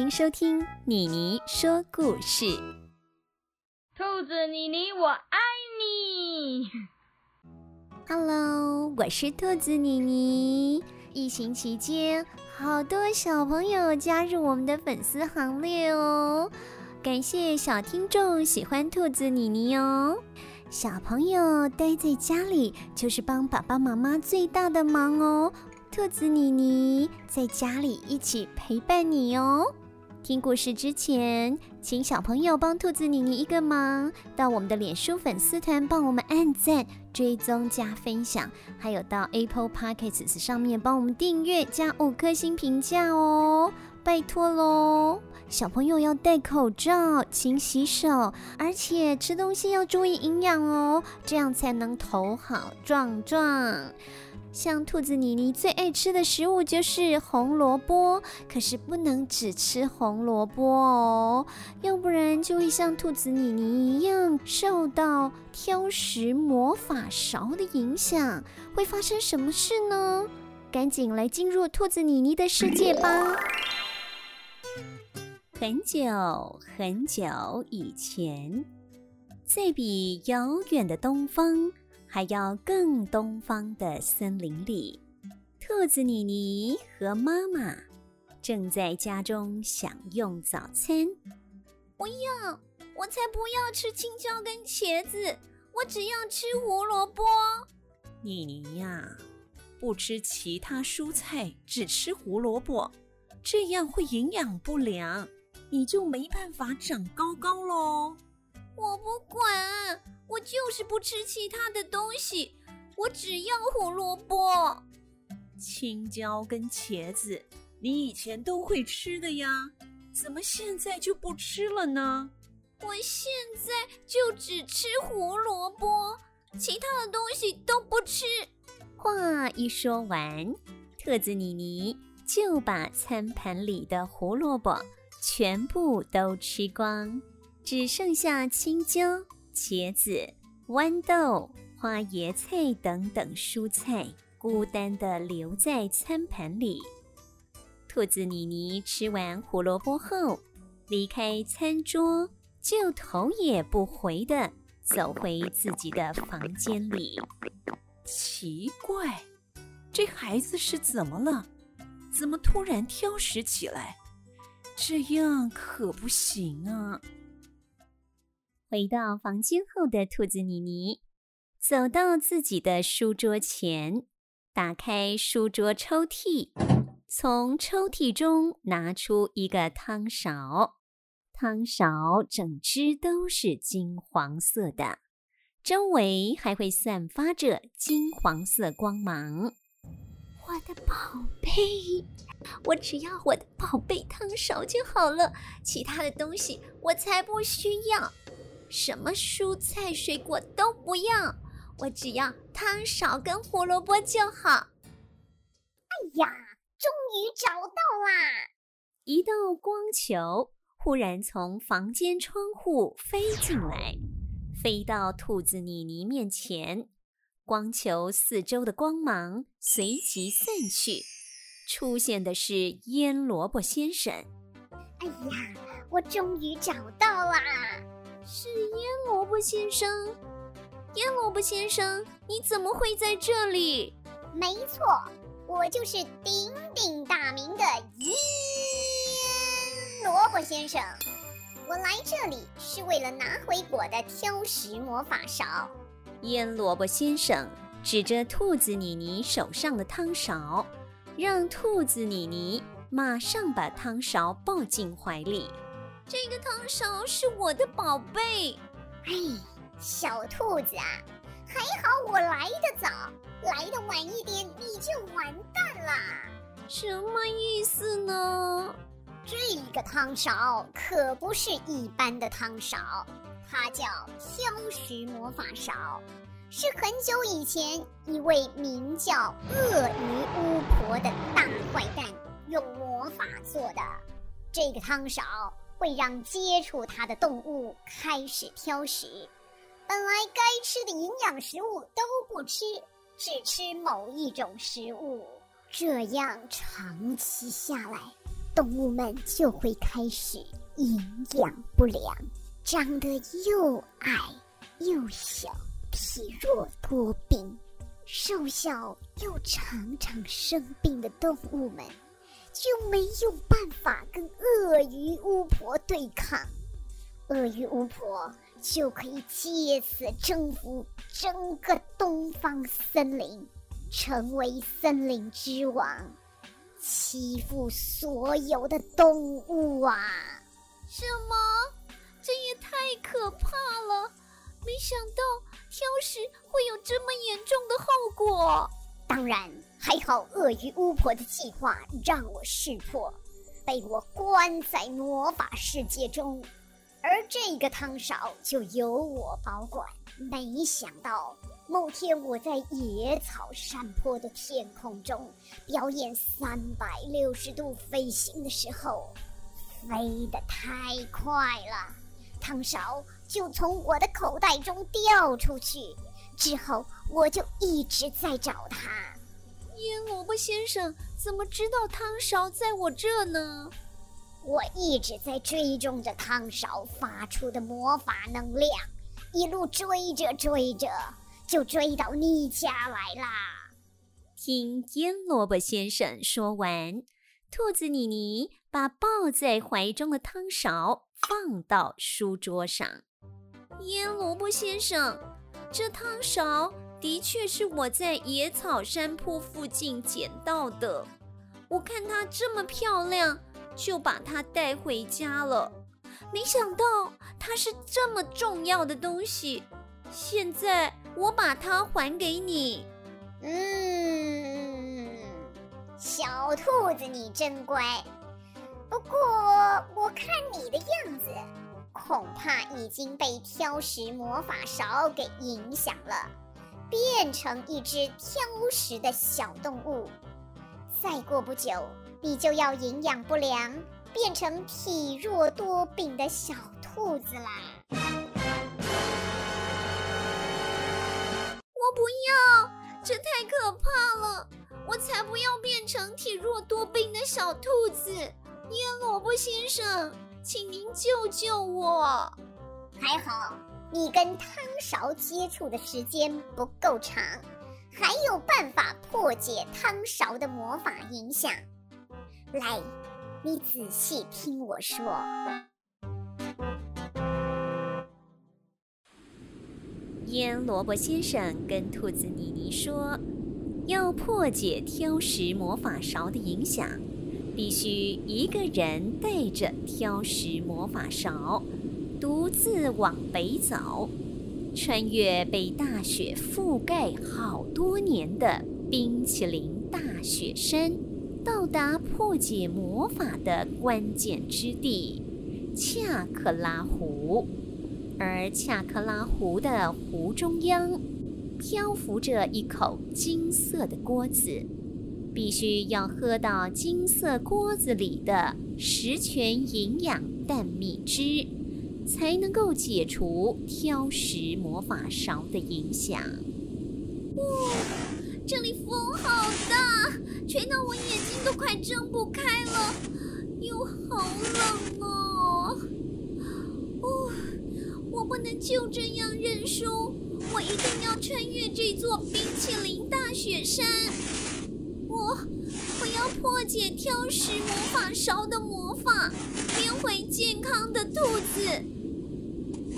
歡迎收聽妮妮說故事。兔子妮妮，我愛你。Hello，我是兔子妮妮。疫情期間，好多小朋友加入我們的粉絲行列哦。感謝小聽眾喜歡兔子妮妮哦。小朋友待在家裡，就是幫爸爸媽媽最大的忙哦。兔子妮妮在家裡一起陪伴你哦。聽故事之前，請小朋友幫兔子妮妮一個忙，到我們的臉書粉絲團幫我們按讚、追蹤、加分享，還有到 Apple Podcasts 上面幫我們訂閱加五顆星評價哦，拜托嘍！小朋友要戴口罩、勤洗手，而且吃東西要注意營養哦，這樣才能頭好壯壯。像兔子妮妮最愛吃的食物就是紅蘿蔔，可是不能只吃紅蘿蔔哦，要不然就會像兔子妮妮一樣受到挑食魔法勺的影響，會發生什麼事呢？趕緊來進入兔子妮妮的世界吧！很久很久以前，在比遙遠的東方。還要更東方的森林裡，兔子妮妮和媽媽正在家中享用早餐。不要，我才不要吃青椒跟茄子，我只要吃胡蘿蔔。妮妮呀，不吃其他蔬菜，只吃胡蘿蔔，這樣會營養不良，你就沒辦法長高高嘍。我不管。我就是不吃其他的東西，我只要胡蘿蔔。青椒跟茄子，你以前都會吃的呀，怎麼現在就不吃了呢？我現在就只吃胡蘿蔔，其他的東西都不吃。話一說完，兔子妮妮就把餐盤裡的胡蘿蔔全部都吃光，只剩下青椒。茄子、豌豆、花椰菜等等蔬菜，孤單的留在餐盤裡。兔子妮妮吃完胡蘿蔔後，離開餐桌，就頭也不回的走回自己的房間裡。奇怪，這孩子是怎麼了？怎麼突然挑食起來？這樣可不行啊！回到房間後的兔子妮妮走到自己的書桌前，打開書桌抽屜，從抽屜中拿出一個湯勺。湯勺整隻都是金黃色的，周圍還會散發着金黃色光芒。我的寶貝，我只要我的寶貝湯勺就好了，其他的東西我才不需要。什麼蔬菜水果都不要，我只要湯勺跟胡蘿蔔就好。哎呀，終於找到啦！一道光球忽然從房間窗戶飛進來，飛到兔子妮妮面前。光球四周的光芒隨即散去，出現的是醃蘿蔔先生。哎呀，我終於找到啦！是醃蘿蔔先生？醃蘿蔔先生，你怎麼會在這裡？沒錯，我就是鼎鼎大名的醃蘿蔔先生。我來這裡是為了拿回我的挑食魔法勺。醃蘿蔔先生指着兔子妮妮手上的湯勺，讓兔子妮妮馬上把湯勺抱進懷裡。這個湯勺是我的寶貝，哎，小兔子啊，還好我來得早，來得晚一點你就完蛋啦。什麼意思呢？這個湯勺可不是一般的湯勺，它叫挑食魔法勺，是很久以前一位名叫鱷魚巫婆的大壞蛋用魔法做的。這個湯勺，會讓接觸它的動物開始挑食，本來該吃的營養食物都不吃，只吃某一種食物，這樣長期下來，動物們就會開始營養不良，長得又矮又小，體弱多病，瘦小又常常生病的動物們。就沒有辦法跟鱷魚巫婆對抗，鱷魚巫婆就可以借此征服整個東方森林，成為森林之王，欺負所有的動物啊！什麼？這也太可怕了！沒想到挑食會有這麼嚴重的後果。當然。還好，鱷魚巫婆的計劃讓我識破，被我關在魔法世界中，而這個湯勺就由我保管。沒想到某天我在野草山坡的天空中表演三百六十度飛行的時候，飛得太快了，湯勺就從我的口袋中掉出去。之後我就一直在找它。醃蘿蔔先生怎麼知道湯勺在我這呢？我一直在追蹤着湯勺發出的魔法能量，一路追着追着，就追到你家來啦。聽醃蘿蔔先生說完，兔子妮妮把抱在懷中的湯勺放到書桌上。醃蘿蔔先生，這湯勺……的確是我在野草山坡附近撿到的。我看它這麼漂亮，就把它帶回家了。沒想到它是這麼重要的東西。現在我把它還給你。嗯，小兔子你真乖。不過我看你的樣子，恐怕已經被挑食魔法勺給影響了。變成一隻挑食的小動物，再過不久，你就要營養不良，變成體弱多病的小兔子啦！我不要，這太可怕了！我才不要變成體弱多病的小兔子！醃蘿蔔先生，請您救救我！還好。你跟湯勺接觸的時間不夠長，還有辦法破解湯勺的魔法影響。來，你仔細聽我說。醃蘿蔔先生跟兔子妮妮說，要破解挑食魔法勺的影響，必須一個人帶着挑食魔法勺。獨自往北走，穿越被大雪覆蓋好多年的冰淇淋大雪山，到達破解魔法的關鍵之地——恰克拉湖。而恰克拉湖的湖中央，漂浮着一口金色的鍋子，必須要喝到金色鍋子裡的十全營養蛋蜜汁。才能夠解除挑食魔法勺的影響。嗚、哦，這裡風好大，吹到我眼睛都快睜不開了，又好冷哦。哦，我不能就這樣認輸，我一定要穿越這座冰淇淋大雪山。我我要破解挑食魔法勺的魔法，變回健康的兔子。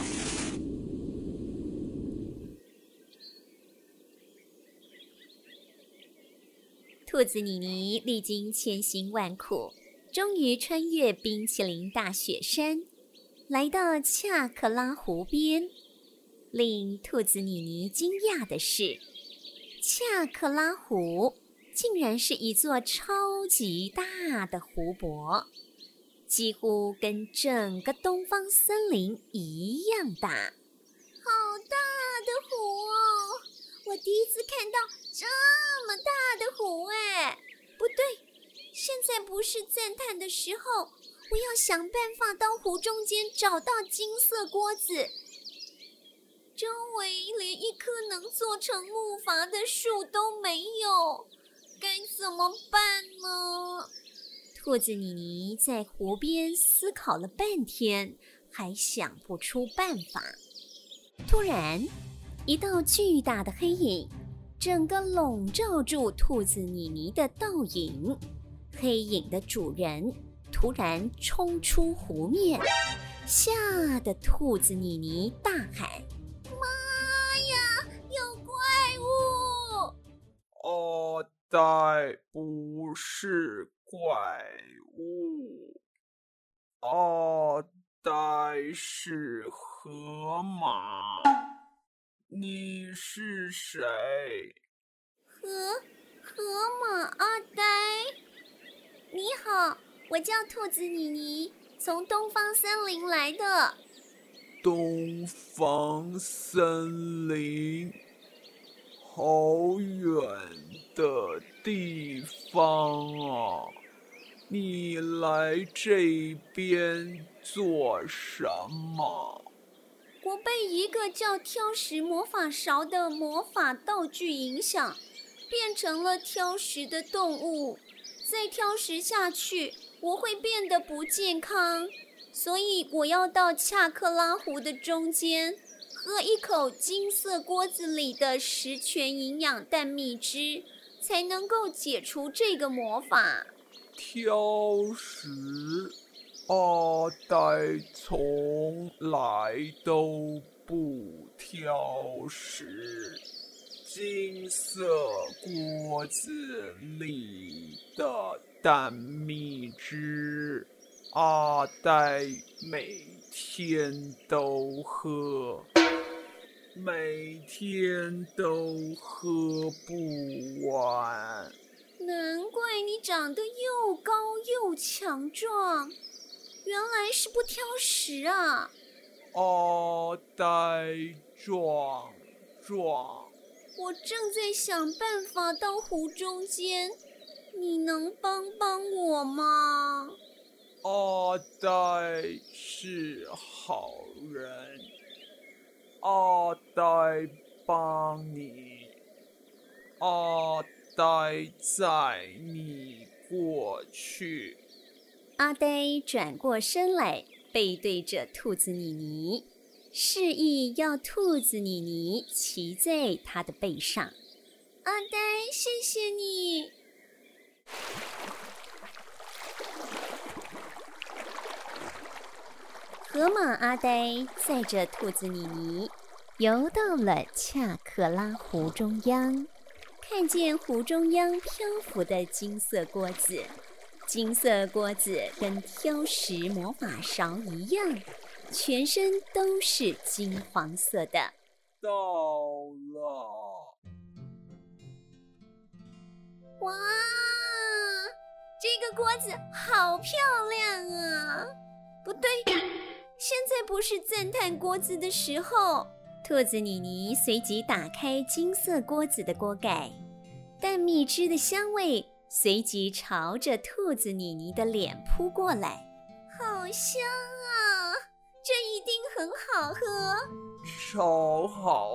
兔子妮妮歷經千辛萬苦，終於穿越冰淇淋大雪山，來到恰克拉湖邊。令兔子妮妮驚訝的是，恰克拉湖，竟然是一座超級大的湖泊，幾乎跟整個東方森林一樣大。好大的湖哦！我第一次看到這麼大的湖哎！不對，現在不是讚嘆的時候，我要想辦法到湖中間找到金色鍋子。周圍連一棵能做成木筏的樹都沒有。怎麼辦呢？兔子妮妮在湖邊思考了半天，還想不出辦法。突然，一道巨大的黑影整個籠罩住兔子妮妮的倒影。黑影的主人突然衝出湖面，嚇得兔子妮妮大喊：“媽呀！有怪物！”哦、uh。呆不是怪物，阿呆是河馬。你是誰？河河馬阿呆，你好，我叫兔子妮妮，從東方森林來的。東方森林。好遠的地方啊！你來這邊做什麼？我被一個叫“挑食魔法勺”的魔法道具影響，變成了挑食的動物。再挑食下去，我會變得不健康，所以我要到恰克拉湖的中間。喝一口金色鍋子裡的十全營養蛋蜜汁，才能夠解除這個魔法。挑食？阿呆從來都不挑食。金色鍋子裡的蛋蜜汁，阿呆每天都喝。每天都喝不完，難怪你長得又高又強壯，原來是不挑食啊！阿呆壯壯，我正在想辦法到湖中間，你能幫幫我嗎？阿呆是好人。阿呆幫你，阿呆載你過去。阿呆轉過身來，背對着兔子妮妮，示意要兔子妮妮騎在他的背上。阿呆，謝謝你。 河馬阿呆載着兔子妮妮，游到了恰克拉湖中央，看見湖中央漂浮的金色鍋子。金色鍋子跟挑食魔法勺一樣，全身都是金黃色的。到了！哇，這個鍋子好漂亮啊！不對。現在不是讚嘆鍋子的時候。兔子妮妮隨即打開金色鍋子的鍋蓋，但蜜汁的香味隨即朝着兔子妮妮的臉撲過來，好香啊！這一定很好喝，超好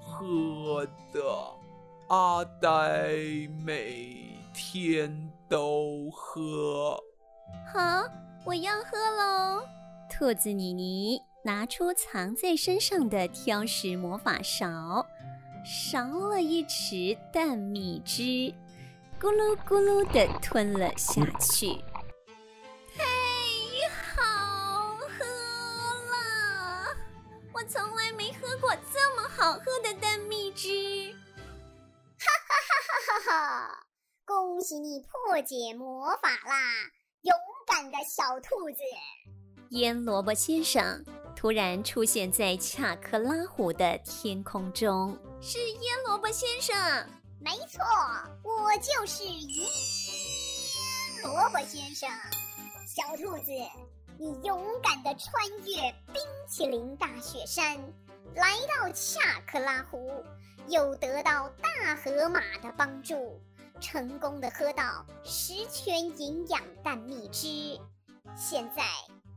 喝的。阿呆每天都喝，好，我要喝咯。兔子妮妮拿出藏在身上的挑食魔法勺，勺了一匙蛋蜜汁，咕嚕咕嚕地吞了下去。嘿，好喝啦！我從來沒喝過這麼好喝的蛋蜜汁。哈哈哈哈哈哈！恭喜你破解魔法啦，勇敢的小兔子！醃蘿蔔先生突然出現在恰克拉湖的天空中，是醃蘿蔔先生！沒錯，我就是醃蘿蔔先生。小兔子，你勇敢地穿越冰淇淋大雪山，來到恰克拉湖，又得到大河馬的幫助，成功地喝到十全營養蛋蜜汁，現在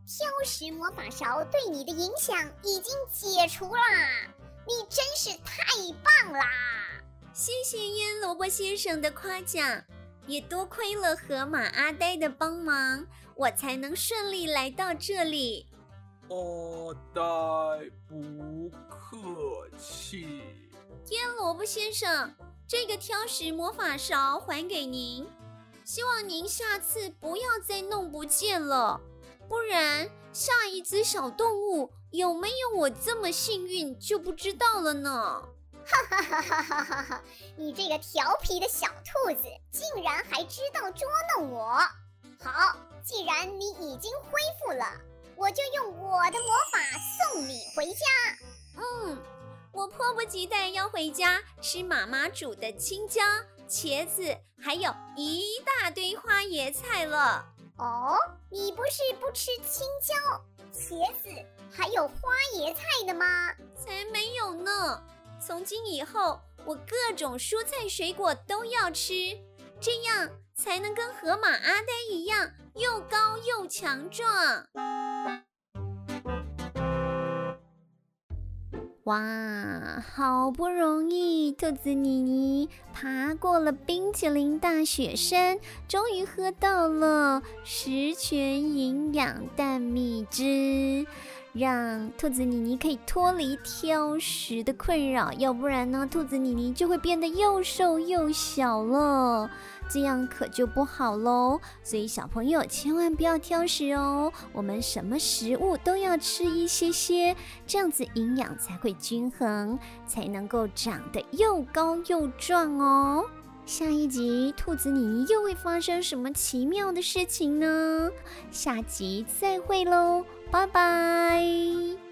挑食魔法勺對你的影響已經解除啦！你真是太棒啦！謝謝醃蘿蔔先生的誇獎，也多虧了河馬阿呆的幫忙，我才能順利來到這裡。哦，阿呆，不客氣。醃蘿蔔先生，這個挑食魔法勺還給您，希望您下次不要再弄不見了。不然，下一隻小動物有沒有我這麼幸運就不知道了呢。哈哈哈哈哈哈，你這個調皮的小兔子，竟然還知道捉弄我！好，既然你已經恢復了，我就用我的魔法送你回家。嗯，我迫不及待要回家吃媽媽煮的青椒、茄子，還有一大堆花椰菜了。哦，你不是不吃青椒、茄子，還有花椰菜的嗎？才沒有呢！從今以後，我各種蔬菜水果都要吃，這樣才能跟河馬阿呆一樣，又高又強壯。哇，好不容易，兔子妮妮爬過了冰淇淋大雪山，終於喝到了十全營養蛋蜜汁。讓兔子妮妮可以脫離挑食的困擾，要不然呢，兔子妮妮就會變得又瘦又小了，這樣可就不好嘍。所以小朋友千萬不要挑食哦，我們什麼食物都要吃一些些，這樣子營養才會均衡，才能夠長得又高又壯哦。下一集，兔子你又會發生什麼奇妙的事情呢？下集再會嘍，拜拜。